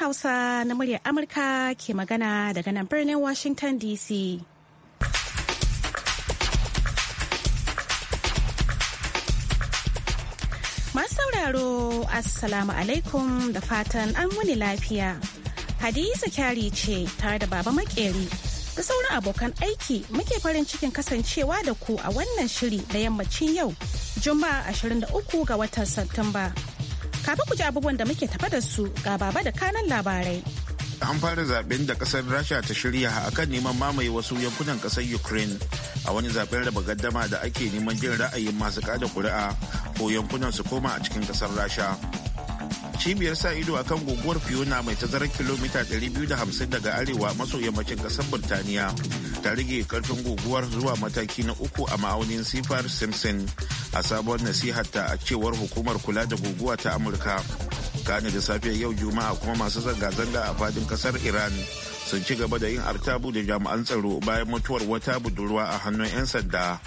Hausa na muryar Amurka ke magana daga nan birnin Washington DC. Masu sauraro, Assalamu alaikum da fatan an wuni lafiya. Hadiza kyari ce tare da Baba Makeri da sauran abokan aiki muke farin cikin kasancewa da ku a wannan shiri da yammacin yau, Juma'a 23 ga watan Satumba. Kafin ku ji abubuwan da muke tafa da su ga baba da kanan labarai. An fara zaben da kasar Rasha ta shirya a kan neman mamaye wasu yankunan kasar Ukraine a wani zaben raba gaddama da ake neman jin ra'ayin masu kada kuri'a ko yankunan su koma a cikin kasar Rasha. cibiyar sa ido a kan guguwar fiona mai tazarar kilomita 250 daga arewa maso yammacin kasar burtaniya ta rage karfin guguwar zuwa mataki na uku a ma'aunin sifar simpson a sabon nasiharta a cewar hukumar kula da guguwa ta amurka gane da safiyar yau juma'a kuma masu zanga-zanga a fadin kasar iran sun ci gaba da yin artabu da jami'an tsaro bayan mutuwar wata budurwa a hannun 'yan sanda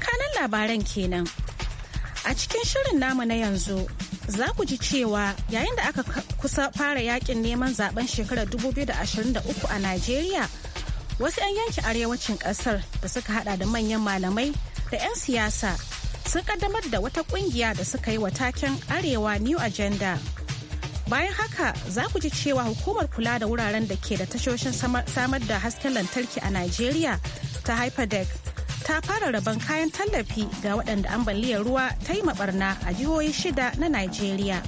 kanan labaran kenan a cikin shirin namu na yanzu za ku ji cewa yayin da aka kusa fara yakin neman zaben shekarar 2023 a najeriya wasu 'yan yankin arewacin kasar da suka hada da manyan malamai da 'yan siyasa sun kaddamar da wata kungiya da suka yi wa taken arewa new agenda bayan haka za ku ji cewa hukumar kula da wuraren da ke da tashoshin samar da hasken lantarki a nigeria ta hyperdeck ta fara rabon kayan tallafi ga waɗanda ambaliyar ruwa ta yi maɓarna a jihohi shida na nigeria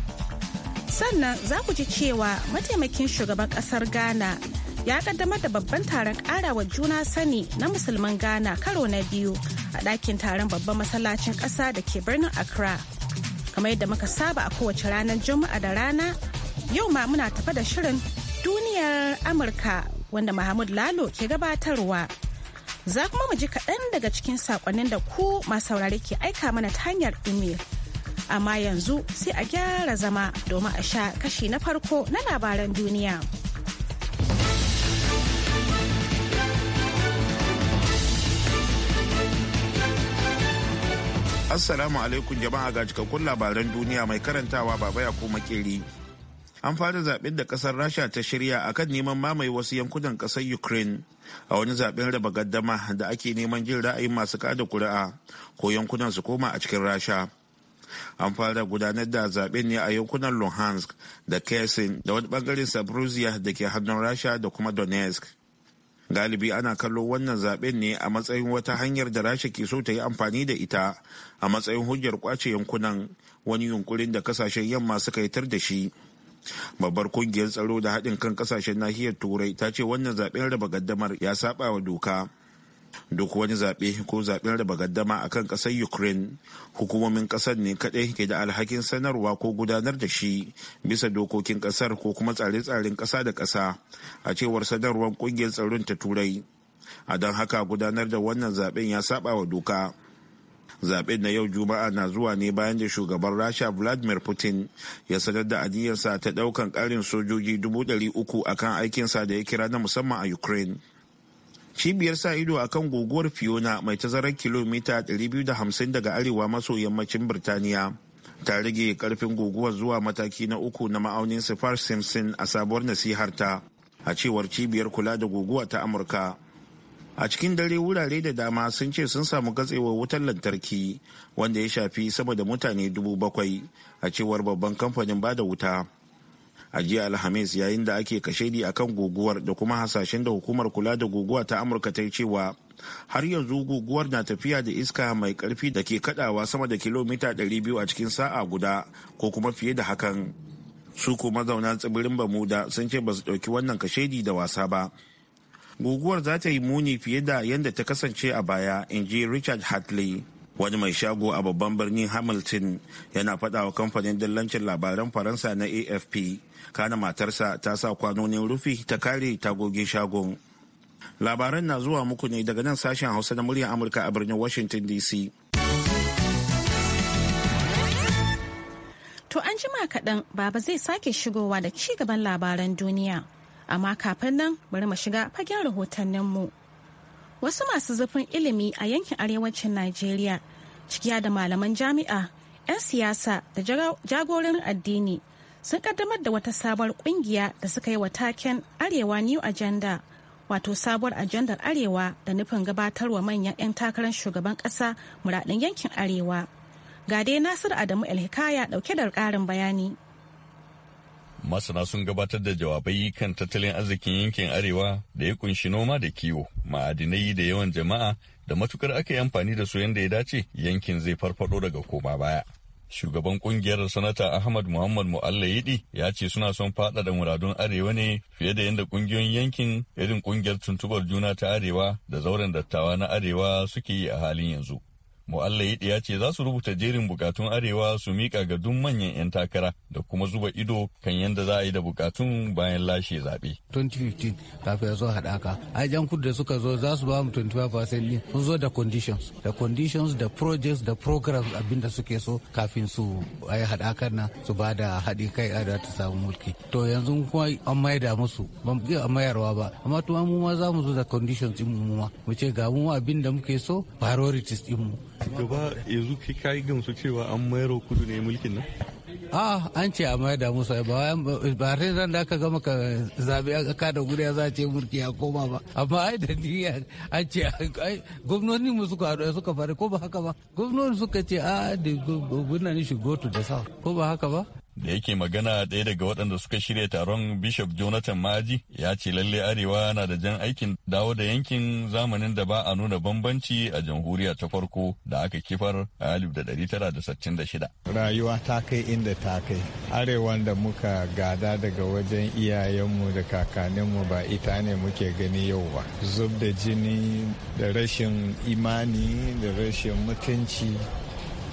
sannan za ku ji cewa mataimakin shugaban ƙasar ghana ya kaddamar da babban taron karawa juna sani na musulman Ghana karo na biyu a ɗakin taron babban masallacin ƙasa da ke birnin Accra. Kamar yadda muka saba a kowace ranar Juma'a da rana, yau ma muna tafa da shirin duniyar Amurka wanda Mahmud Lalo ke gabatarwa. Za kuma mu ji kaɗan daga cikin saƙonnin da ku masu saurare ke aika mana ta hanyar email Amma yanzu sai a gyara zama domin a sha kashi na farko na labaran duniya. Assalamu alaikum jama'a ga cikakkun labaran duniya mai karantawa baba ya kuma makeri. An fara zaɓen da ƙasar Rasha ta shirya a kan neman mamaye wasu yankunan ƙasar Ukraine a wani zaɓen raba gaddama da ake neman jin ra'ayin masu kada kuri'a ko yankunan su koma a cikin Rasha. An fara gudanar da zaɓen ne a yankunan Luhansk da Kherson da wani ɓangaren Sabruzia da ke hannun Rasha da kuma Donetsk. galibi ana kallo wannan zaben ne a matsayin wata hanyar da rasha ke so ta yi amfani da ita a matsayin hujjar kwace yankunan wani yunkurin da kasashen yamma suka yitar da shi babbar kungiyar tsaro da haɗin kan kasashen nahiyar turai ta ce wannan zaben raba gaddamar ya saba wa doka duk wani zaɓe ko zaɓen raba gaddama a kan ƙasar ukraine hukumomin ƙasar ne kaɗai ke da alhakin sanarwa ko gudanar da shi bisa dokokin ƙasar ko kuma tsare-tsaren ƙasa da ƙasa a cewar sanarwar ƙungiyar tsaron ta turai a don haka gudanar da wannan zaɓen ya saɓa wa doka Zaɓen na yau juma'a na zuwa ne bayan da shugaban rasha vladimir putin ya sanar da aniyarsa ta ɗaukan ƙarin sojoji dubu ɗari uku akan aikinsa da ya kira na musamman a ukraine cibiyar sa ido a kan guguwar fiona mai tazarar kilomita 250 daga arewa maso yammacin birtaniya ta rage karfin guguwar zuwa mataki na uku na ma'aunin sifar simpson a sabuwar nasiharta a cewar cibiyar kula da guguwa ta amurka a cikin dare wurare da dama sun ce sun samu gatsewar wutar lantarki wanda ya shafi sama da mutane dubu bakwai a cewar babban kamfanin bada wuta a jiya alhamis yayin da ake kashedi akan guguwar da kuma hasashen da hukumar kula da guguwa ta amurka ta yi cewa har yanzu guguwar na tafiya da iska mai karfi da ke kadawa sama da kilomita 200 a cikin sa'a guda ko kuma fiye da hakan su ko mazauna tsibirin bamuda sun ce ba su ɗauki wannan kashedi da wasa ba guguwar za ta yi muni fiye da yadda ta kasance a baya in ji richard hartley wani mai shago a babban birnin hamilton yana faɗawa wa kamfanin dillancin labaran faransa na afp kana matarsa ta sa kwanonin rufi ta kare tagogin shagon labaran na zuwa muku ne daga nan sashen hausa na muryar amurka a birnin washington dc To an jima kaɗan baba zai sake shigowa da ci gaban labaran duniya. Amma kafin nan bari mu shiga fagen rahotanninmu. Wasu masu zafin ilimi a yankin arewacin Najeriya, cikiya da malaman jami'a, 'yan siyasa da jagorin addini sun kaddamar da wata sabuwar kungiya da suka yi wa taken arewa new agenda wato sabuwar ajandar arewa da nufin gabatarwa manyan 'yan takarar shugaban kasa muradin yankin arewa ga dai nasir adamu elhikaya dauke da karin bayani masana sun gabatar da jawabai kan tattalin arzikin yankin arewa da ya kunshi noma da kiwo ma'adinai da yawan jama'a da matukar aka yi amfani da su yanda ya dace yankin zai farfado daga koma baya Shugaban kungiyar Sanata Ahmad Muhammad mu'alla yidi ya ce suna son faɗaɗa muradun Arewa ne fiye da yadda kungiyoyin yankin irin kungiyar tuntubar juna ta Arewa da zauren dattawa na Arewa suke yi a halin yanzu. Mu'allayi ya ce za su rubuta jerin bukatun Arewa su miƙa ga duk manyan 'yan takara da kuma zuba ido kan yadda za a yi da bukatun bayan lashe zaɓe. 2015 kafin ya zo haɗaka, ai jan kudu da suka zo za su ba mu 25% ɗin sun zo da conditions, da conditions da projects da programs abinda suke so kafin su ai haɗakar na su ba da haɗi kai a da ta samu mulki. To yanzu kuma an maida musu, ban fi an mayarwa ba, amma tuma mu ma za mu zo da conditions ɗin mu ma, mu ce ga mu abin muke so priorities ɗin mu. gaba yanzu kai kayi gamsu cewa an mayar kudu ne mulkin nan a an ce a mayar da musu ba ba da aka gama ka zabe da kada gudu ya ce mulki ya koma ba amma ai da ni an ce gwamnoni mu suka haɗu suka fara ko ba haka ba gwamnoni suka ce a da gwamnoni shi gotu to sa ko ba haka ba da yake magana ɗaya daga waɗanda suka shirya taron bishop jonathan maji ya ce lalle arewa na da jan aikin dawo da yankin zamanin da ba a nuna bambanci a jamhuriya ta farko da aka kifar a 1966 rayuwa ta kai inda ta kai arewan da muka gada daga wajen iyayenmu da kakaninmu ba ita ne muke gani yau ba zub da jini da rashin imani da rashin mutunci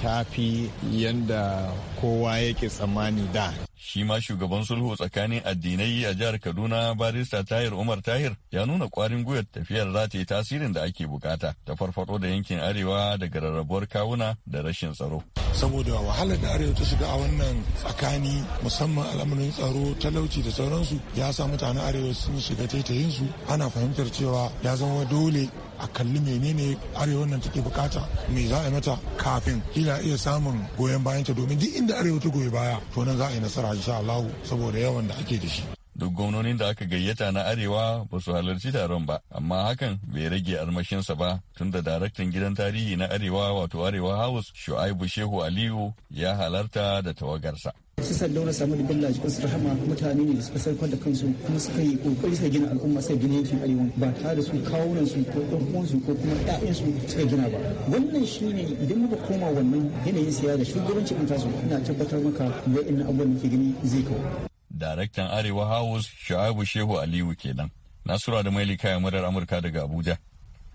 ta fi yadda kowa yake tsammani da. Shi ma shugaban sulhu tsakanin addinai a jihar Kaduna barista Tahir Umar Tahir ya nuna kwarin gwiwar tafiyar za ta yi tasirin da ake bukata ta farfado da yankin arewa daga rarrabuwar kawuna da rashin tsaro. Saboda wahalar da arewa ta shiga a wannan tsakani musamman al'amarin tsaro talauci da sauransu ya sa mutanen arewa sun shiga taitayinsu ana fahimtar cewa ya zama dole a kalli menene arewa nan take bukata me za a mata kafin ila iya samun goyon bayanta domin duk inda arewa ta goyi baya to nan za a yi nasara insha Allah saboda yawan da ake da shi duk gwamnonin da aka gayyata na arewa ba su halarci taron ba amma hakan bai rage armashinsa ba tunda daraktan gidan tarihi na arewa wato arewa house shu'aibu shehu aliyu ya halarta da tawagarsa su na samu da billa jikin su rahama mutane ne suka sarkar da kansu kuma suka yi kokari suka gina al'umma suka gina yankin arewa ba tare da su nan su ko ɗan su ko kuma ɗa'in su suka gina ba wannan shi ne idan muka koma wannan yanayin siya da shugabancin tasu ina tabbatar maka wa'in abubuwan da ke gani zai kawo Daraktan Arewa House Shu'aibu Shehu Aliyu kenan. Nasura da Maili kayan murar Amurka daga Abuja,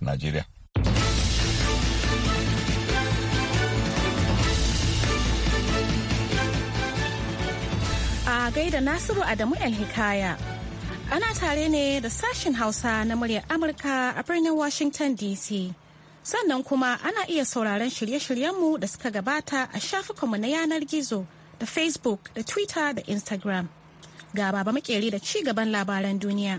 Najeriya. A gaida Nasiru Adamu El-Hikaya. Ana tare ne da sashen Hausa na muryar Amurka a birnin Washington DC. Sannan kuma ana iya sauraron shirye-shiryenmu da suka gabata a shafukanmu na yanar gizo da Facebook da Twitter da Instagram. ga baba makeri da ci gaban labaran duniya.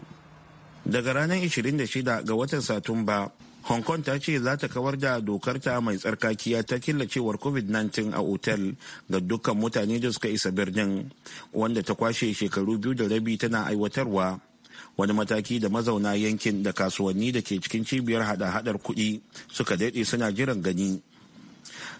Daga ranar 26 ga watan Satumba, Hong Kong ta ce za ta kawar da dokarta mai tsarkakiya ta killacewar COVID-19 a otel ga dukkan mutane da suka isa birnin, wanda ta kwashe shekaru biyu da rabi tana aiwatarwa. Wani mataki da mazauna yankin da kasuwanni da ke cikin cibiyar hada-hadar kuɗi suka daɗe suna jiran gani.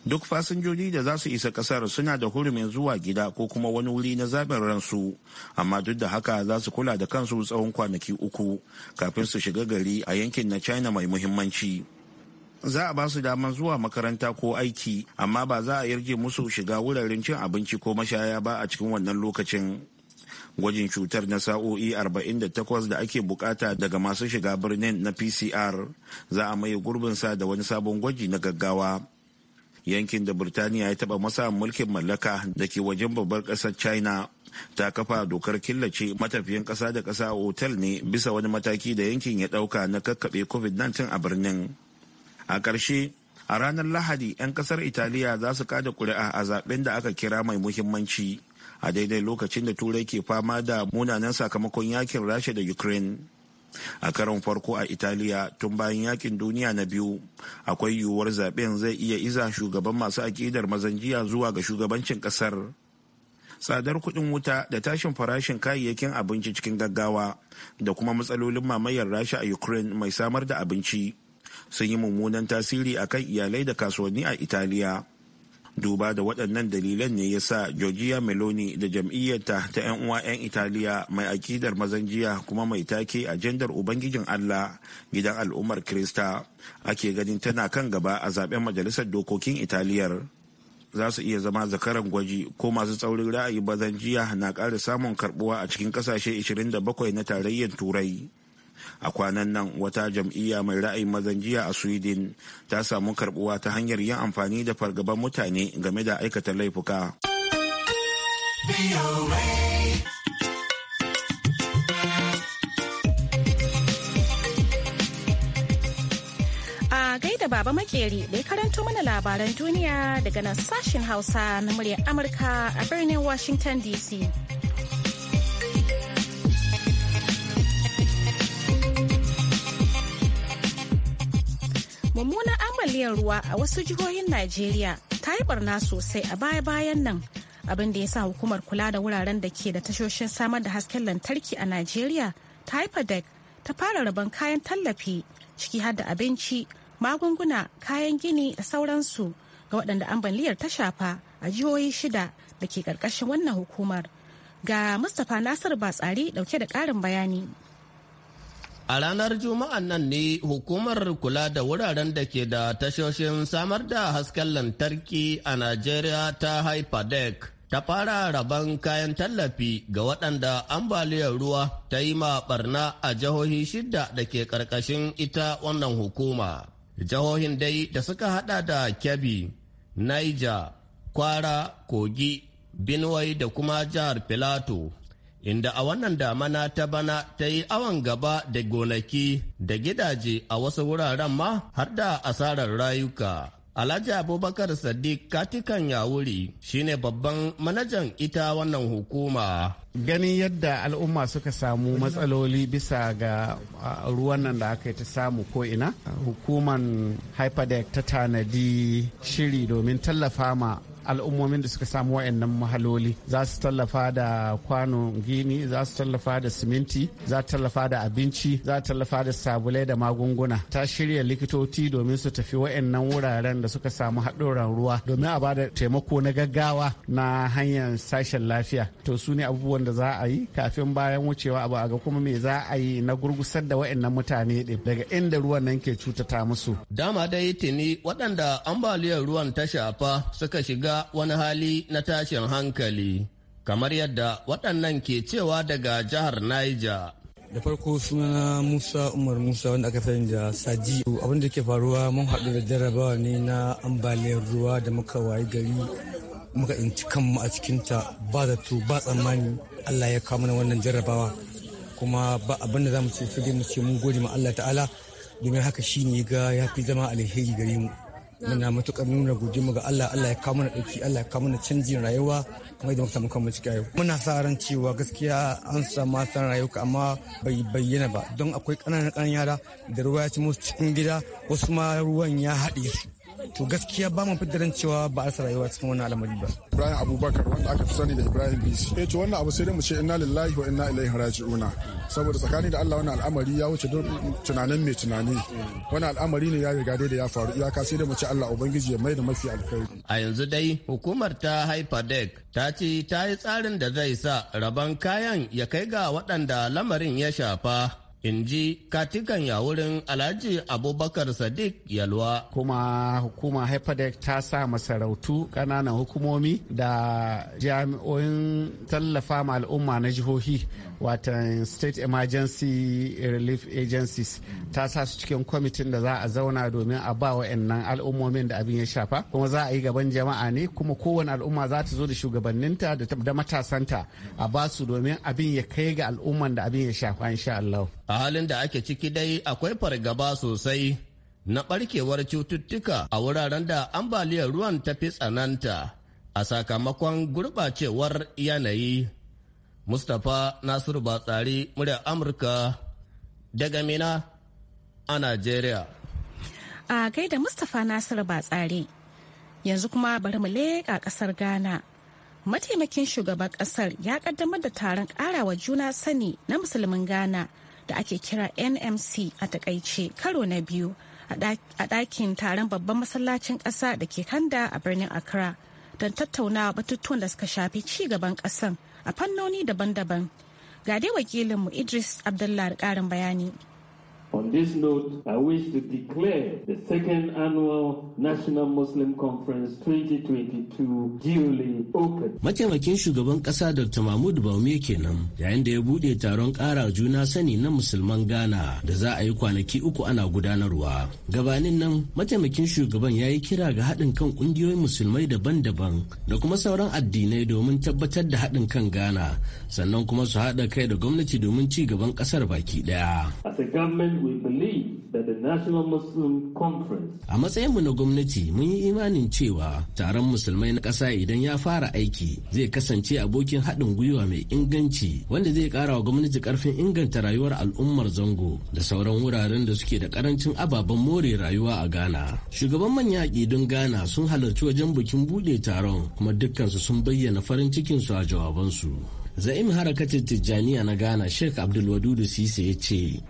duk fasinjoji da za su isa kasar suna da hurumin zuwa gida ko kuma wani wuri na zaɓin ransu amma duk da haka za su kula da kansu tsawon kwanaki uku kafin su shiga gari a yankin na china mai muhimmanci za a ba su daman zuwa makaranta ko aiki amma ba za a yarje musu shiga wuraren cin abinci ko mashaya ba a cikin wannan lokacin gwajin cutar na sa'o'i 48 da ake bukata daga masu shiga birnin na pcr za a maye gurbinsa da wani sabon gwaji na gaggawa yankin da burtaniya ya taba masa mulkin mallaka da ke wajen babbar kasar china ta kafa dokar killace matafiyan kasa da kasa a otal ne bisa wani mataki da yankin ya dauka na kakkaɓe covid-19 a birnin a ƙarshe a ranar lahadi 'yan ƙasar italiya za su kada ƙuri'a a zaben da aka kira mai muhimmanci a daidai lokacin da turai ke fama da munanan sakamakon yakin rasha da ukraine a karon farko a italiya tun bayan yakin duniya na biyu akwai yiwuwar zaben zai iya iza shugaban masu akidar mazanjiya zuwa ga shugabancin kasar tsadar kuɗin wuta da tashin farashin kayayyakin abinci cikin gaggawa da kuma matsalolin mamayar rasha a ukraine mai samar da abinci sun yi mummunan tasiri akan iyalai da kasuwanni a italiya duba da waɗannan dalilan ne ya sa georgia meloni da jam'iyyarta ta 'yan uwa 'yan italiya mai akidar mazan jiya kuma mai take ajandar ubangijin allah gidan al'ummar krista ake ganin tana kan gaba a zaɓen majalisar dokokin italiyar za su iya zama zakaran gwaji ko masu tsaurin ra'ayi mazan jiya na ƙara samun karbuwa a cikin ƙasashe 27 na tarayyar turai a kwanan nan wata jam'iyya mai ra'ayin mazan jiya a sweden ta samu karbuwa ta hanyar yin amfani da fargaban mutane game da aikata laifuka a gaida baba makeri da ya karanto mana labaran duniya daga nan sashen hausa na muryar amurka a birnin washington dc mummunan ambaliyar ruwa a wasu jihohin najeriya ta yi barna sosai a baya-bayan nan abin da ya sa hukumar kula da wuraren da ke da tashoshin samar da hasken lantarki a najeriya ta hyperdeck ta fara rabon kayan tallafi ciki har da abinci magunguna kayan gini da sauransu ga waɗanda ambaliyar ta shafa a jihohi shida da ke ƙarƙashin wannan hukumar ga mustapha nasir batsari ɗauke da ƙarin bayani A ranar Juma'an nan ne hukumar kula da wuraren da ke da tashoshin samar da hasken lantarki a Najeriya ta Hyperdeck ta fara rabon kayan tallafi ga waɗanda ambaliyar ruwa ta yi ma barna a jihohi shida da ke ƙarƙashin ita wannan hukuma. Jihohin dai da suka haɗa da Kebbi, Niger, Kwara, Kogi, Benue da kuma jihar Filato. inda a wannan damana ta bana ta yi awon gaba da gonaki da gidaje a wasu wuraren ma har da asarar rayuka. Alhaji Abubakar Sadiq Katikan Yawuri shine babban manajan ita wannan hukuma. Ganin yadda al'umma suka samu matsaloli bisa ga ruwan nan da aka yi ta samu ko ina, hukuman Hyperdeck ta tanadi shiri domin tallafa ma al'ummomin da suka samu wa'annan mahaloli za su tallafa da kwanon gini za su tallafa da siminti za su tallafa da abinci za su tallafa da sabulai da magunguna ta shirya likitoci domin su tafi wa'annan wuraren da suka samu haɗoran ruwa domin a bada taimako na gaggawa na hanyar sashen lafiya to su ne abubuwan da za a yi kafin bayan wucewa abu a ga kuma me za a yi na gurgusar da wa'annan mutane din daga inda ruwan nan ke cutata musu dama dai tuni waɗanda ambaliyar ruwan ta shafa suka shiga shiga wani hali na tashin hankali kamar yadda waɗannan ke cewa daga jihar Niger. da farko sunana musa umar musa wanda aka sani da saji abin da ke faruwa mun haɗu da jarabawa ne na ambaliyar ruwa da muka wayi gari muka inci kanmu a cikinta ba zato ba tsammani allah ya kawo mana wannan jarabawa kuma ba abin da za mu ce sai mu ce mun gode ma allah ta'ala domin haka shi ne ga ya fi zama alheri gare mu muna matukar nuna mu ga Allah Allah ya kawo mana dauki Allah ya kawo mana canjin rayuwa kuma idan muka samu kanmu yau muna sa ran cewa gaskiya an samu san rayuka amma bai bayyana ba don akwai ƙananan ƙananan yara da ruwa ya ci musu cikin gida wasu ma ruwan ya haɗe su to gaskiya ba mu fitarin cewa ba a rayuwa cikin wannan al'amari ba Ibrahim Abubakar wanda aka fi sani da Ibrahim Bisi eh to wannan abu sai dai mu ce inna lillahi wa inna ilaihi raji'una saboda tsakani da Allah wannan al'amari ya wuce tunanin mai tunani wannan al'amari ne ya riga dai da ya faru iyaka sai dai mu ce Allah ubangiji ya mai da mafi alkhairi a yanzu dai hukumar ta Hyperdeck ta ce ta yi tsarin da zai sa rabon kayan ya kai ga waɗanda lamarin ya shafa in ji katikan wurin alhaji abubakar sadiq yalwa kuma hukuma hepadec ta sa masarautu kananan hukumomi da jami'oyin tallafa ma al'umma na jihohi watan state emergency relief agencies ta sa su cikin kwamitin da za a zauna domin a ba nan al'ummomin da abin ya shafa kuma za a yi gaban jama'a ne kuma kowane al'umma za ta zo da shugabanninta da matasanta a ba su domin abin ya kai ga al'umman da abin ya shafa insha Allah. a halin da ake ciki dai akwai fargaba sosai na barkewar cututtuka a wuraren da ambaliyar ruwan ta fi tsananta a sakamakon gurbacewar yanayi mustapha nasiru batsari murya amurka daga mina a najeriya a gaida mustapha nasiru batsari yanzu kuma bari mu leƙa ƙasar ghana mataimakin shugaban ƙasar ya ƙaddamar da taron ƙarawa juna sani na musulmin ghana da ake kira nmc a takaice karo na biyu a ɗakin taron babban masallacin ƙasa da ke kanda a birnin accra don tattaunawa batutuwan da suka shafi ci gaban ƙasan a fannoni daban-daban ga dai wakilinmu idris abdullah ƙarin bayani On this note, I wish to declare the second annual National Muslim Conference 2022 duly open. Mataimakin shugaban kasa Dr. Mahmud Baume kenan yayin da ya bude taron kara juna sani na musulman Ghana da za a yi kwanaki uku ana gudanarwa. Gabanin nan mataimakin shugaban ya yi kira ga haɗin kan ƙungiyoyin musulmai daban-daban da kuma sauran addinai domin tabbatar da haɗin kan Ghana sannan kuma su haɗa kai da gwamnati domin ci gaban ƙasar baki ɗaya. As A matsayinmu na gwamnati mun yi imanin cewa taron musulmai na ƙasa idan ya fara aiki zai kasance abokin haɗin gwiwa mai inganci wanda zai ƙara wa gwamnati ƙarfin inganta rayuwar al'ummar zango da sauran wuraren da suke da ƙarancin ababen more rayuwa a Ghana. Shugaban manya don Ghana sun halarci wajen bikin buɗe taron kuma dukkansu sun bayyana farin cikinsu a jawabansu. za'im Harakacin tijjaniya na ghana sheikh abdul wadudu sise ya ce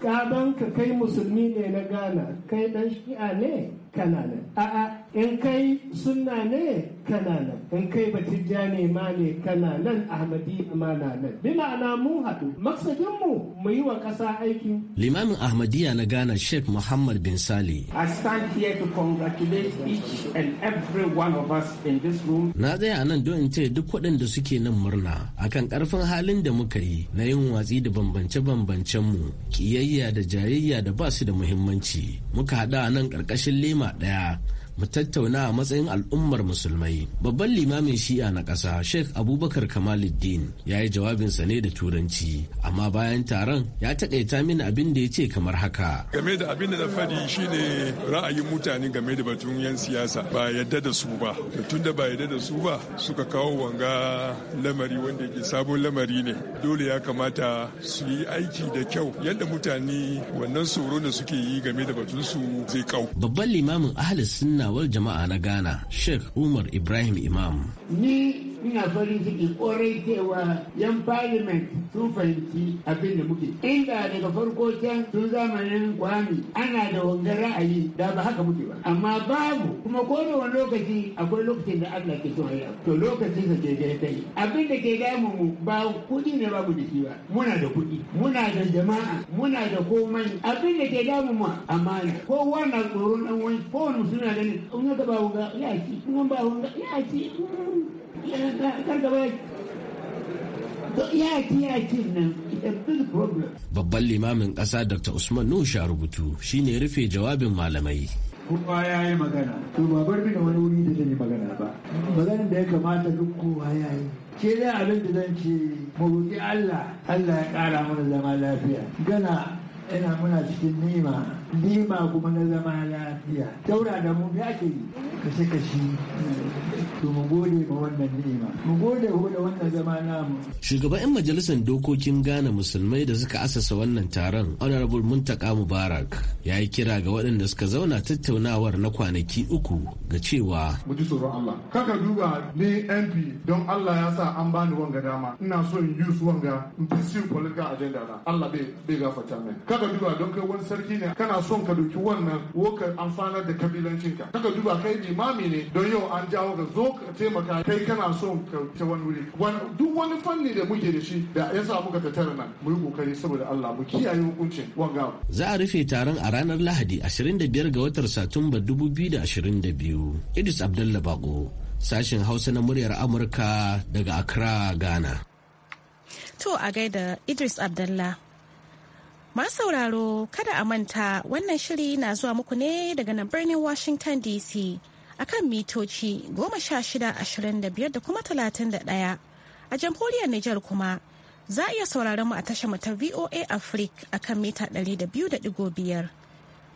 ka kai musulmi ne na ghana kai dan shi'a ne kana nan a'a in kai suna ne kana nan in kai batijja ne ma ne kana nan ahmadi ma na nan bi ma'ana mu haɗu maksadin mu mu yi wa ƙasa aiki limamin ahmadiyya na Ghana Sheikh Muhammad bin sali. I stand here to congratulate each and every one of us in this room na tsaya nan don in ce duk da suke nan murna akan ƙarfin halin da muka yi na yin watsi da bambance-bambancen mu kiyayya da jayayya da ba su da muhimmanci muka haɗa nan ƙarƙashin lema Yeah. mu tattauna a matsayin al'ummar musulmai babban limamin shi'a na ƙasa sheikh abubakar kamaluddin ya yi jawabinsa ne da turanci amma bayan taron ya taƙaita mini abin da ya ce kamar haka game da abin da na faɗi shine ra'ayin mutane game da batun yan siyasa ba yadda da su ba tun da ba yadda da su ba suka kawo wanga lamari wanda ke sabon lamari ne dole ya kamata su yi aiki da kyau yadda mutane wannan tsoro da suke yi game da batun su zai kau babban limamin ahli sunna ganawar jama'a na Ghana, Sheikh Umar Ibrahim Imam. Ni ina farin ciki ƙorai cewa yan parliament sun fahimci abin da muke inda daga farko can tun zamanin kwami ana da wangar ra'ayi da ba haka muke ba amma babu kuma ko da wani lokaci akwai lokacin da Allah ke son ya to lokacin sa ke da kai abin da ke damu mu ba kuɗi ne babu da shi ba muna da kuɗi muna da jama'a muna da komai abin da ke damu mu amana ko wannan tsoron dan wani ko wani suna ganin in ka ba wuga ya ci in ba wuga ya ci Babban limamin ƙasa Dr. Usman sha rubutu shine rufe jawabin malamai. Kowa ya yi magana, to ba bar da wani wuri da zan yi magana ba. Maganin da ya kamata duk kowa ya yi. Ke da abin da zan ce, mu roƙi Allah, Allah ya ƙara mana zama lafiya. Gana yana muna cikin nima nima kuma na zama lafiya daura da mu ya ke yi kashe kashi to mu gode ma wannan nima mu gode ko da wannan zama namu shugaban yan majalisar dokokin Ghana musulmai da suka asasa wannan taron honorable muntaka mubarak ya yi kira ga waɗanda suka zauna tattaunawar na kwanaki uku ga cewa mu ji tsoron Allah kaka duba ni MP don Allah ya sa an bani wanga dama ina so in yi su wanga in pursue political agenda na Allah bai bai gafarta min kaka duba don kai wani sarki ne kana son ka duki wannan wokar amfanar da kabilancinka kaka duba kai limami ne don yau an jawo ka zo ka taimaka kai kana son ka ta wani wuri duk wani fanni da muke da shi da ya sa muka tattara nan mu yi kokari saboda Allah mu kiyaye hukuncin wanga za a rufe taron a ranar Lahadi 25 ga watan Satumba 2022 Idris Abdullahi Bago sashen Hausa na muryar Amurka daga Accra Ghana To a gaida Idris Abdullahi Masu sauraro kada a manta wannan shiri na zuwa muku ne daga nan birnin Washington DC a kan mitoci goma sha shida ashirin da biyar da kuma talatin da ɗaya. A jamhuriyar Nijar kuma za a iya sauraron mu a tashar mu ta VOA Africa kan mita ɗari da biyu da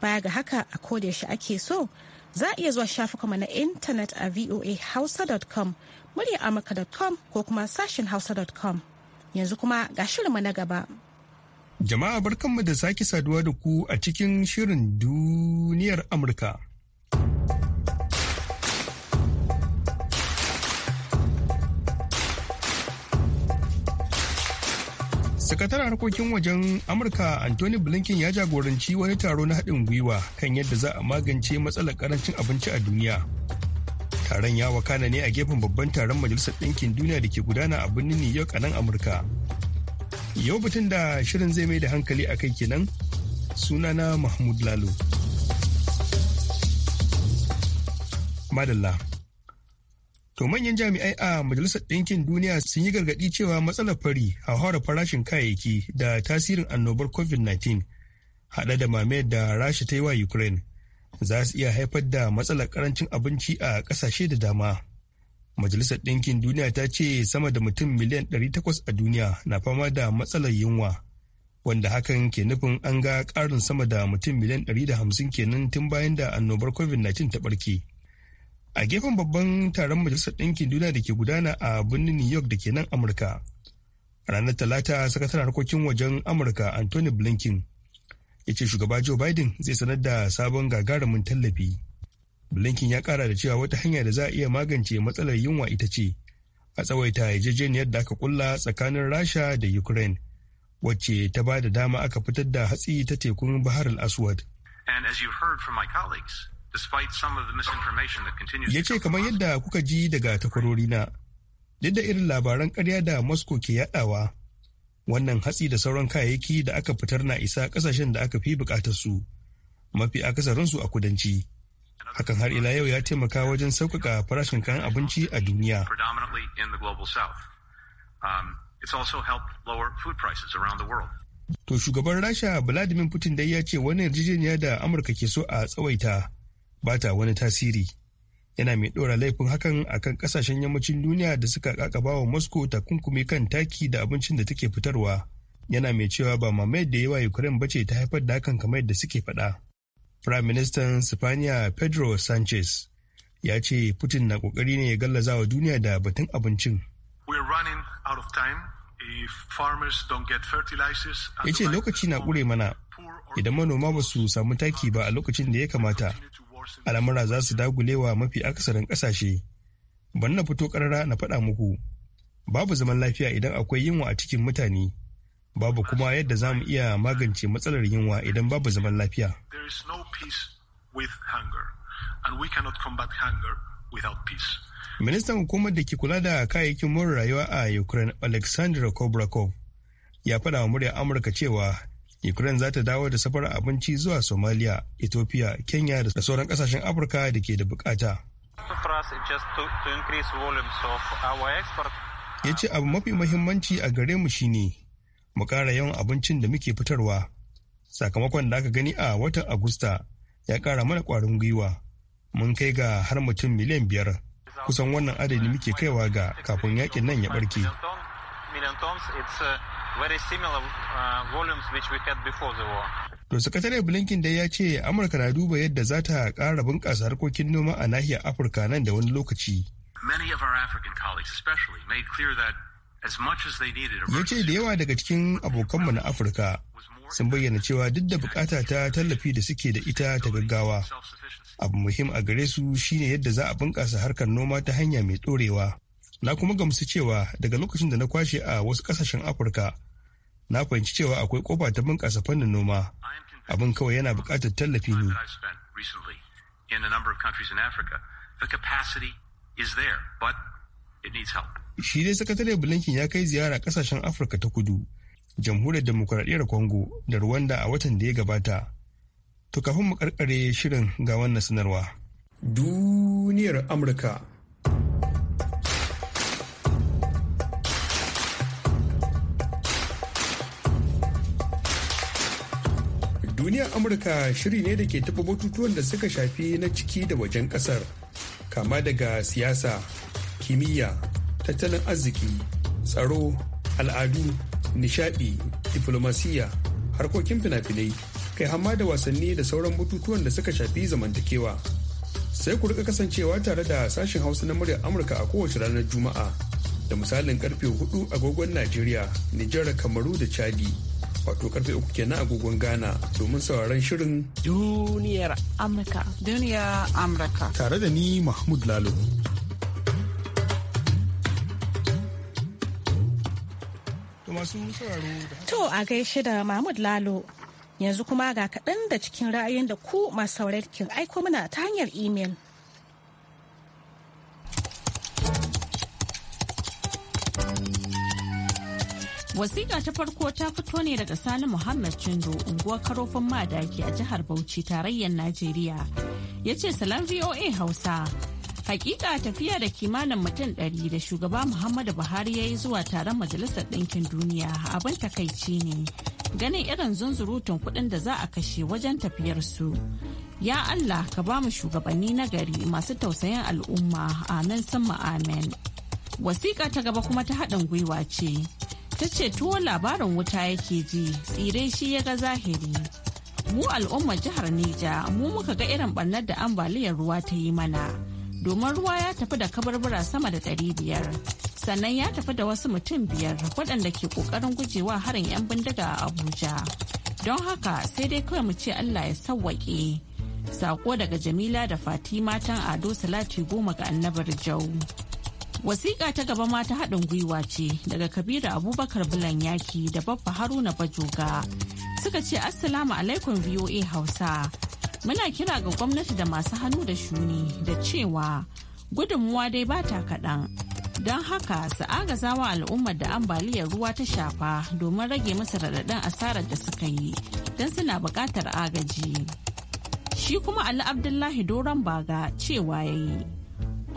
Baya ga haka a koda ake so za a iya zuwa shafukanmu na intanet a voahausa.com muryar amurka.com ko kuma sashin hausa.com. Yanzu kuma ga shirin mu na gaba. Jama'a barkanmu da sake saduwa da ku a cikin shirin duniyar Amurka. Sakataren harkokin wajen Amurka Anthony Blinken ya jagoranci wani taro na haɗin gwiwa kan yadda za a magance matsalar karancin abinci a duniya. Taron ya wakana ne a gefen babban taron Majalisar Ɗinkin Duniya da ke gudana a birnin New York a nan Amurka. Yau batun da shirin zai mai da hankali a kai kenan sunana Mahmud Lalo. Madalla. To manyan jami'ai a Majalisar Ɗinkin Duniya sun yi gargaɗi cewa matsalar fari hauhawar farashin kayayyaki da tasirin annobar COVID-19 haɗe da mamayar da Rasha ta yi wa Ukraine za su iya haifar da matsalar karancin abinci a ƙasashe da dama. Majalisar Ɗinkin Duniya ta ce sama da mutum miliyan 800 a duniya na fama da matsalar yunwa, wanda hakan ke nufin an ga ƙarin sama da mutum miliyan 150 kenan tun bayan da annobar COVID-19 ta barke A gefen babban taron Majalisar Ɗinkin Duniya da ke gudana a birnin New York da ke nan Amurka. Ranar Talata, sakataren harkokin wajen Amurka Anthony Blinken ya ce shugaba Joe Biden zai sanar da sabon gagarumin tallafi. blinken ya kara da cewa wata hanya da za a iya magance matsalar yunwa ita ce a tsawaita yarjejeniyar da aka kulla tsakanin rasha da ukraine wacce ta ba da dama aka fitar da hatsi ta tekun bahar al-aswad ya ce kamar yadda kuka ji daga takwarorina duk da irin labaran karya da moscow ke yadawa wannan hatsi da sauran kayayyaki da aka fitar na isa kasashen da aka fi bukatar su mafi akasarinsu a kudanci hakan har ila yau ya taimaka wajen sauƙaƙa farashin kayan abinci a duniya. Um, to shugaban Rasha Vladimir Putin dai ya ce wani yarjejeniya da Amurka ke so a tsawaita ba ta wani tasiri. Yana mai ɗora laifin hakan akan ƙasashen yammacin duniya da suka kakaba wa Moscow takunkumi kan taki da abincin da take fitarwa. Yana mai cewa ba mamayar da yawa Ukraine ce ta haifar da hakan kamar yadda suke faɗa. Firaministan Sifaniya Pedro Sanchez ya ce Putin na ƙoƙari ne ya gallaza wa duniya da batun abincin. Ya ce lokaci na ƙure mana idan manoma ba su samu taki ba a lokacin da ya kamata al'amura za su dagulewa mafi akasarin ƙasashe. Ban na fito ƙarara na faɗa muku, babu zaman lafiya idan akwai yunwa a cikin mutane. babu kuma yadda za mu iya magance matsalar yunwa idan babu zaman lafiya. Ministan hukumar da ke kula da kayayyakin more rayuwa a Ukraine Alexander Kobrakov ya faɗa wa muryar Amurka cewa Ukraine za ta dawo da safar abinci zuwa Somalia, Ethiopia, Kenya da sauran ƙasashen Afirka da ke da bukata. Ya ce abu mafi mahimmanci a gare mu shine mu ƙara yawan abincin da muke fitarwa sakamakon da aka gani a watan agusta ya ƙara mana ƙwarin gwiwa mun kai ga har mutum miliyan biyar kusan wannan adadi muke kaiwa ga kafin yakin nan ya barke uh, uh, To sakatare Blinken dai ya ce Amurka na duba yadda za ta ƙara bunƙasa harkokin noma a nahiyar Afirka nan da wani lokaci. Many of our African colleagues especially made ya ce da yawa daga cikin abokanmu na afirka sun bayyana cewa duk da bukata ta tallafi da suke da ita ta gaggawa abu muhim a gare su shine yadda za a bunƙasa harkar noma ta hanya mai ɗorewa na kuma gamsu cewa daga lokacin da na kwashe a wasu ƙasashen afirka na fahimci cewa akwai kofa ta bunƙasa fannin noma abin kawai yana bukatar tallafi ne the capacity is there, but It Shi dai sakatare Blinken ya kai ziyara kasashen Afirka ta kudu, jamhuriyar demokuraɗiyar Congo da Rwanda a watan da ya gabata. To kafin mu karkare shirin ga wannan sanarwa. Duniyar Amurka Duniyar Amurka shiri ne da ke taɓa batutuwan da suka shafi na ciki da wajen ƙasar, kama daga siyasa, kimiyya tattalin arziki tsaro al'adu nishadi diflomasiyya harkokin fina-finai kai hamma da wasanni da sauran bututuwan da suka shafi zamantakewa sai ku rika kasancewa tare da sashen hausa na muryar amurka a kowace ranar juma'a da misalin karfe 4 agogon najeriya nijar kamaru da chadi wato karfe uku kenan agogon ghana domin sauraron shirin duniyar amurka duniyar amurka tare da ni mahmud lalo masu sauraro. To a gaishe da Mahmud Lalo. Yanzu kuma ga kaɗan da cikin ra'ayin da ku masu aiko mana ta hanyar imel. Wasiƙa ta farko ta fito ne daga Sani Muhammad Jindo, unguwar karofin madaki a jihar Bauchi, tarayyar Najeriya. Ya ce salam VOA Hausa. Hakika tafiya da kimanin mutum ɗari da shugaba Muhammadu Buhari ya yi zuwa taron Majalisar Ɗinkin Duniya abin takaici ne. Ganin irin zunzurutun kuɗin da za a kashe wajen tafiyar su. Ya Allah ka ba mu shugabanni na gari masu tausayin al'umma amin sun amen. Wasiƙa ta gaba kuma ta haɗin gwiwa ce. Ta ce tuwo labarin wuta yake ji tsire shi ya ga zahiri. mu al'ummar jihar Nija mu muka ga irin ɓannar da ambaliyar ruwa ta yi mana. domin ruwa ya tafi da kabarbara sama da ɗari biyar sannan ya tafi da wasu mutum biyar waɗanda ke ƙoƙarin gujewa harin 'yan bindiga a abuja don haka sai dai kawai mu ce allah ya sawwaƙe sako daga jamila da Fati matan ado salati goma ga annabar jau wasiƙa ta gaba mata haɗin gwiwa ce daga kabiru abubakar bulan yaki da babba haruna bajoga suka ce assalamu alaikum voa hausa muna kira ga gwamnati da masu hannu da shuni da cewa gudunmuwa dai ba ta kaɗan don haka su agazawa al'ummar da ambaliyar ruwa ta shafa domin rage musu raɗaɗin asarar da suka yi don suna buƙatar agaji shi kuma ali abdullahi doron baga cewa ya yi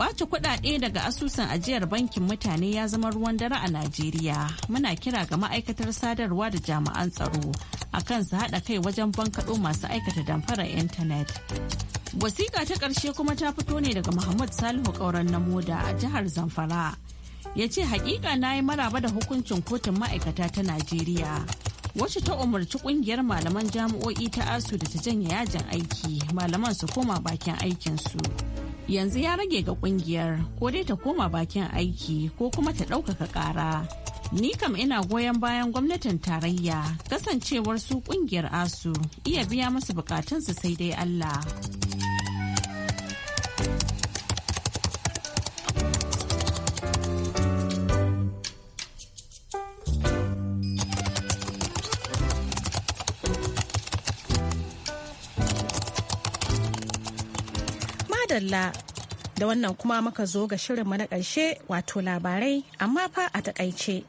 Kwace kuɗaɗe daga asusun ajiyar bankin mutane ya zama ruwan dare a Najeriya. Muna kira ga ma'aikatar sadarwa da jami'an tsaro a kan su haɗa kai wajen bankaɗo masu aikata damfarar intanet. Wasiƙa ta ƙarshe kuma ta fito ne daga Muhammad Salihu Ƙauren na Moda a jihar Zamfara. Ya ce haƙiƙa na yi maraba da hukuncin kotun ma'aikata ta Najeriya. wacce ta umarci ƙungiyar malaman jami'o'i ta asu da ta janye yajin aiki malaman su koma bakin aikin su. yanzu ya rage ga kungiyar ko dai ta koma bakin aiki ko kuma ta ɗaukaka ƙara. Ni kam ina goyon bayan gwamnatin tarayya kasancewar su kungiyar asu iya biya masu bukatunsu sai dai Allah. da wannan kuma muka zo ga shirin na ƙarshe wato labarai amma fa a takaice.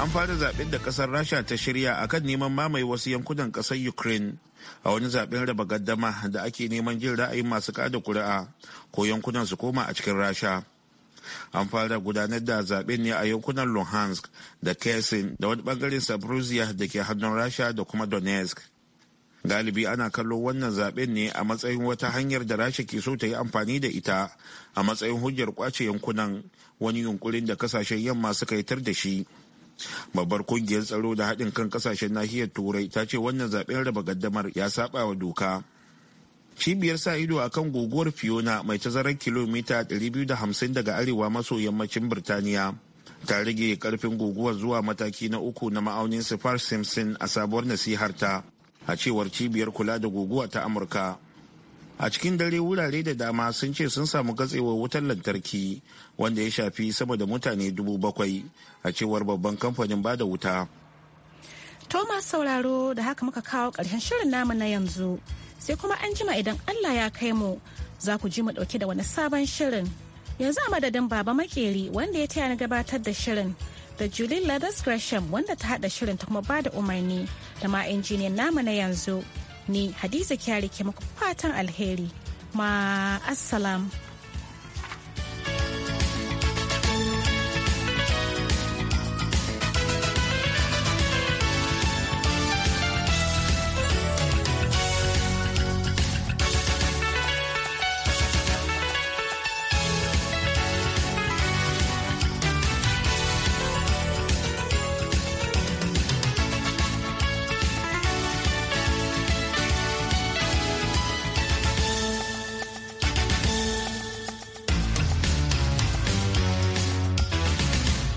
an fara zaɓen da ƙasar rasha ta shirya a kan neman mamaye wasu yankunan ƙasar ukraine a wani zaɓen raba gaddama da ake neman jin ra'ayin masu ƙada kuri'a ko yankunan su koma a cikin rasha an fara gudanar da zaben ne a yankunan luhansk da kesin da wani bangaren sabrusia da ke hannun rasha da kuma donetsk galibi ana kallo wannan zaben ne a matsayin wata hanyar da rasha ke so ta yi amfani da ita a matsayin hujjar kwace yankunan wani yunkurin da kasashen yamma suka yi tar da shi babbar kungiyar tsaro da haɗin kan kasashen nahiyar turai ta ce wannan zaɓen raba gaddamar ya saba wa doka cibiyar sa ido a kan guguwar fiona mai tazarar kilomita 250 daga arewa maso yammacin birtaniya ta rage karfin guguwar zuwa mataki na uku na ma'aunin sifar simpson a sabuwar nasiharta a cewar cibiyar kula da guguwa ta amurka a cikin dare wurare da dama sun ce sun samu gatsewar wutar lantarki wanda ya shafi sama da mutane dubu bakwai a cewar babban kamfanin bada wuta thomas sauraro da haka muka kawo karshen shirin namu na yanzu sai kuma an jima idan Allah ya kai mu za ku ji mu ɗauke da wani sabon shirin. Yanzu a madadin Baba Makeri wanda ya taya na gabatar da shirin da Julie Lathers Gresham wanda ta hada shirin ta kuma bada umarni da ma injiniyan nama na yanzu ni Hadiza Kyari ke muku fatan alheri. Ma